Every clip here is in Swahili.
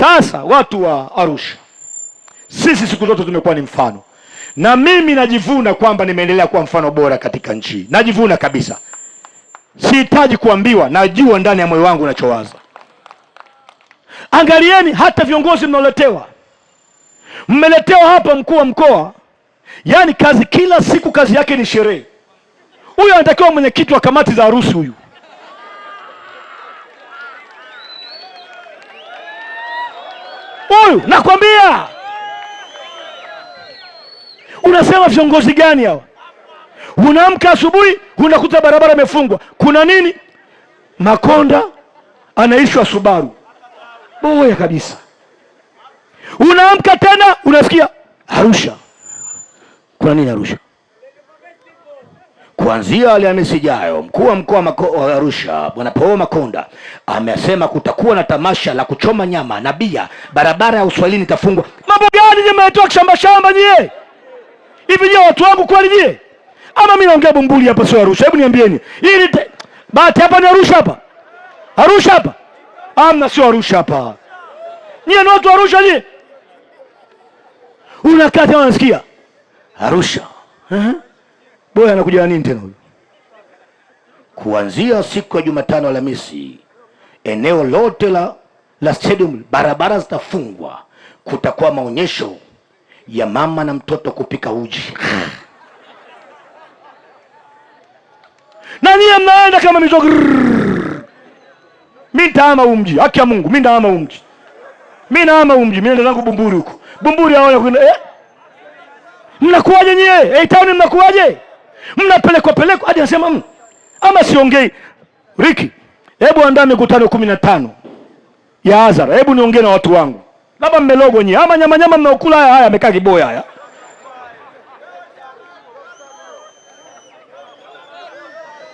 Sasa watu wa Arusha, sisi siku zote tumekuwa ni mfano, na mimi najivuna kwamba nimeendelea kuwa mfano bora katika nchi. Najivuna kabisa, sihitaji kuambiwa, najua ndani ya moyo wangu unachowaza. Angalieni hata viongozi mnaoletewa, mmeletewa hapa mkuu wa mkoa, yaani kazi kila siku, kazi yake ni sherehe. Huyu anatakiwa mwenyekiti wa kamati za harusi huyu huyu, nakwambia. Unasema viongozi gani hawa? Unaamka asubuhi unakuta barabara imefungwa, kuna nini? Makonda anaishwa Subaru boya kabisa. Unaamka tena unasikia Arusha, kuna nini Arusha? Kuanzia Alhamisi ijayo, mkuu wa mkoa wa Arusha Bwana Paul Makonda amesema kutakuwa na tamasha la kuchoma nyama na bia, barabara ya Uswahilini itafungwa. Mambo gani nyie kishamba shamba nyie? Hivi nyie watu wangu kweli nyie? Ama mimi naongea bumbuli hapa, sio Arusha? Hebu niambieni, hili bahati hapa ni Arusha hapa? Arusha hapa? Amna, sio Arusha hapa. Nyie ni watu wa Arusha nyie? Unakaa tena unasikia Arusha. Uh -huh. Wewe anakuja nini tena huyu? Kuanzia siku ya Jumatano Alhamisi, eneo lote la la stadium, barabara zitafungwa, kutakuwa maonyesho ya mama na mtoto kupika uji. Nani mnaenda kama mizogo? Mimi nitaama huu mji, haki ya Mungu, mimi nitaama huu mji, mimi naama huu mji, mimi nenda zangu Bumburi huko Bumburi kwenda eh? Mnakuaje nyie? Eh, town mnakuwaje? mnapelekwa pelekwa hadi anasema ama siongei. Riki, hebu andaa mikutano kumi na tano ya hadhara, hebu niongee na watu wangu. Labda mmelogo nyie ama nyamanyama mnaokula haya haya, amekaa kiboya haya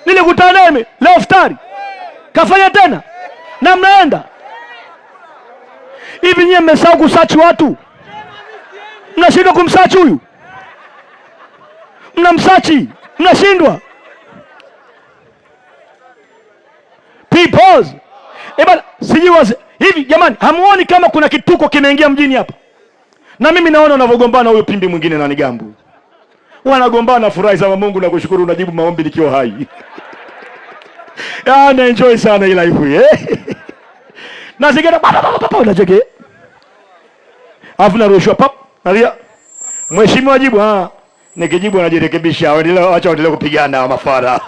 nilikutana naye leo iftari kafanya tena na mnaenda hivi. Nyie mmesahau kusachi watu, mnashindwa kumsachi huyu msachi, mnashindwa people Eba, sijui hivi jamani, hamuoni kama kuna kituko kimeingia mjini hapa? Na mimi naona wanavyogombana huyo pimbi mwingine na Nigambu, wanagombana. Furahi za Mungu na kushukuru, unajibu maombi nikiwa hai ya, ah, na enjoy sana hii life eh? na zingine unajege eh? afu narushwa pap, nalia mheshimiwa, jibu ah Nikijibu wanajirekebisha, acha waendelee kupigana wa mafara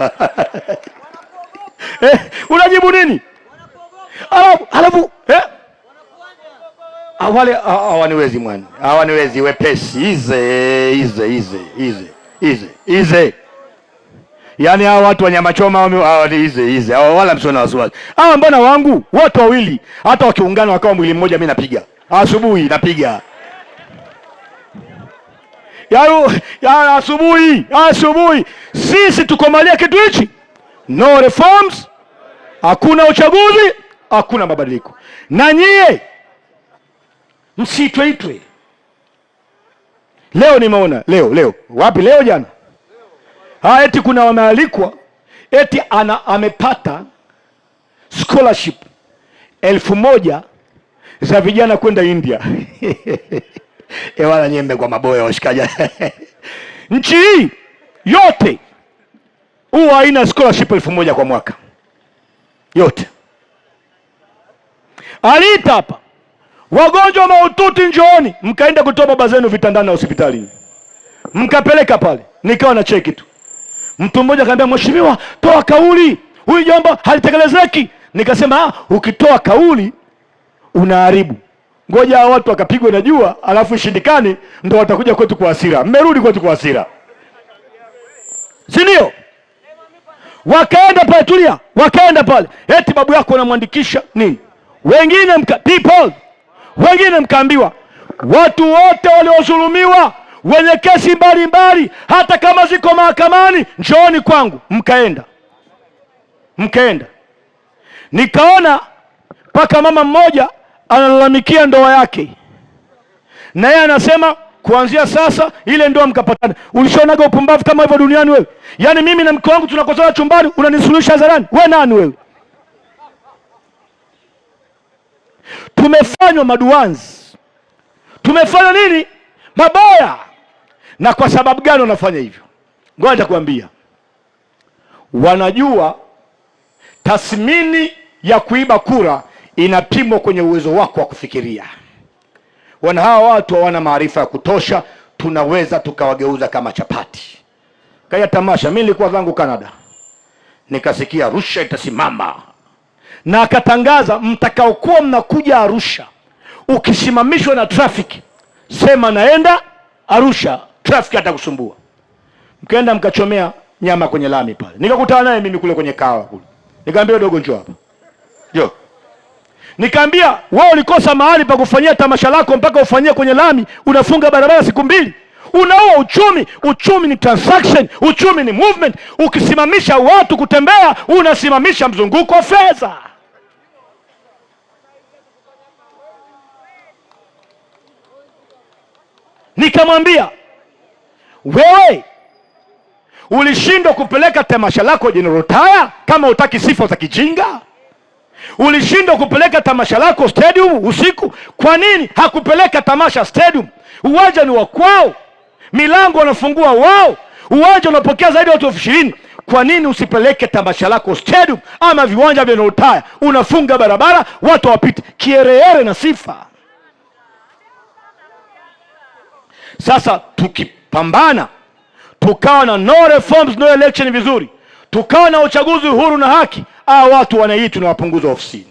eh, unajibu nini? Alafu, alafu eh? Awale ah, ah, ah, hawaniwezi mwani, hawaniwezi wepesi, ize ize ize ize ize ize, yaani hawa watu wa nyama choma wame hizi hizi. hawa wala msio na wasiwasi. Hawa mbona wangu wote wawili, hata wakiungana wakawa mwili mmoja, mimi napiga asubuhi, napiga ya asubuhi asubuhi. Sisi tukomalia kitu hichi, no reforms, hakuna uchaguzi, hakuna mabadiliko. Na nyie msitwe itwe. Leo nimeona leo leo wapi? Leo jana ha, eti kuna wamealikwa eti ana, amepata scholarship elfu moja za vijana kwenda India Ewala eh, nyembe kwa maboya washikaji nchi hii yote huwa haina scholarship elfu moja kwa mwaka yote. Aliita hapa wagonjwa mahututi, njooni, mkaenda kutoa baba zenu vitandani na hospitalini, mkapeleka pale, nikawa na cheki tu. Mtu mmoja akaniambia, mheshimiwa, toa kauli, huyu jambo halitekelezeki. Nikasema, ah, ukitoa kauli unaharibu ngoja hao watu wakapigwe na jua alafu ishindikani, ndo watakuja kwetu kwa hasira. Mmerudi kwetu kwa hasira, si ndio? Wakaenda pale, tulia, wakaenda pale, eti babu yako anamwandikisha nini? Wengine mka, people wengine mkaambiwa, watu wote waliodhulumiwa wenye kesi mbalimbali, hata kama ziko mahakamani, njooni kwangu. Mkaenda, mkaenda, nikaona mpaka mama mmoja analalamikia ndoa yake, na yeye anasema kuanzia sasa ile ndoa mkapatana. Ulishonaga upumbavu kama hivyo duniani wewe? Yaani mimi na mke wangu tunakosana chumbani, unanisuluhisha hadharani? We nani wewe? Tumefanywa maduanzi, tumefanya nini mabaya? Na kwa sababu gani wanafanya hivyo? Ngoja nitakwambia. Wanajua tathmini ya kuiba kura inapimwa kwenye uwezo wako wa kufikiria. Wana hawa watu hawana maarifa ya kutosha, tunaweza tukawageuza kama chapati. Kaya tamasha, mimi nilikuwa zangu Canada, nikasikia Arusha itasimama na akatangaza, mtakaokuwa mnakuja Arusha ukisimamishwa na trafiki, sema naenda Arusha, trafiki atakusumbua. Mkaenda mkachomea nyama kwenye lami pale, nikakutana naye mimi kule kwenye kawa kule, nikamwambia dogo, njoo hapa, njoo Nikaambia wewe ulikosa mahali pa kufanyia tamasha lako mpaka ufanyie kwenye lami, unafunga barabara siku mbili, unaua uchumi. Uchumi ni transaction, uchumi ni movement. Ukisimamisha watu kutembea, unasimamisha mzunguko wa fedha. Nikamwambia wewe ulishindwa kupeleka tamasha lako jenerotaya, kama utaki sifa za kijinga Ulishindwa kupeleka tamasha lako stadium usiku. Kwa nini hakupeleka tamasha stadium? Uwanja ni wa kwao, milango wanafungua wao, uwanja unapokea zaidi ya watu elfu ishirini. Kwa nini usipeleke tamasha lako stadium ama viwanja vya Noltaya? Unafunga barabara watu wapite kiereere na sifa. Sasa tukipambana tukawa na no reforms no election vizuri tukawa na uchaguzi huru na haki, hawa watu na tunawapunguza ofisini.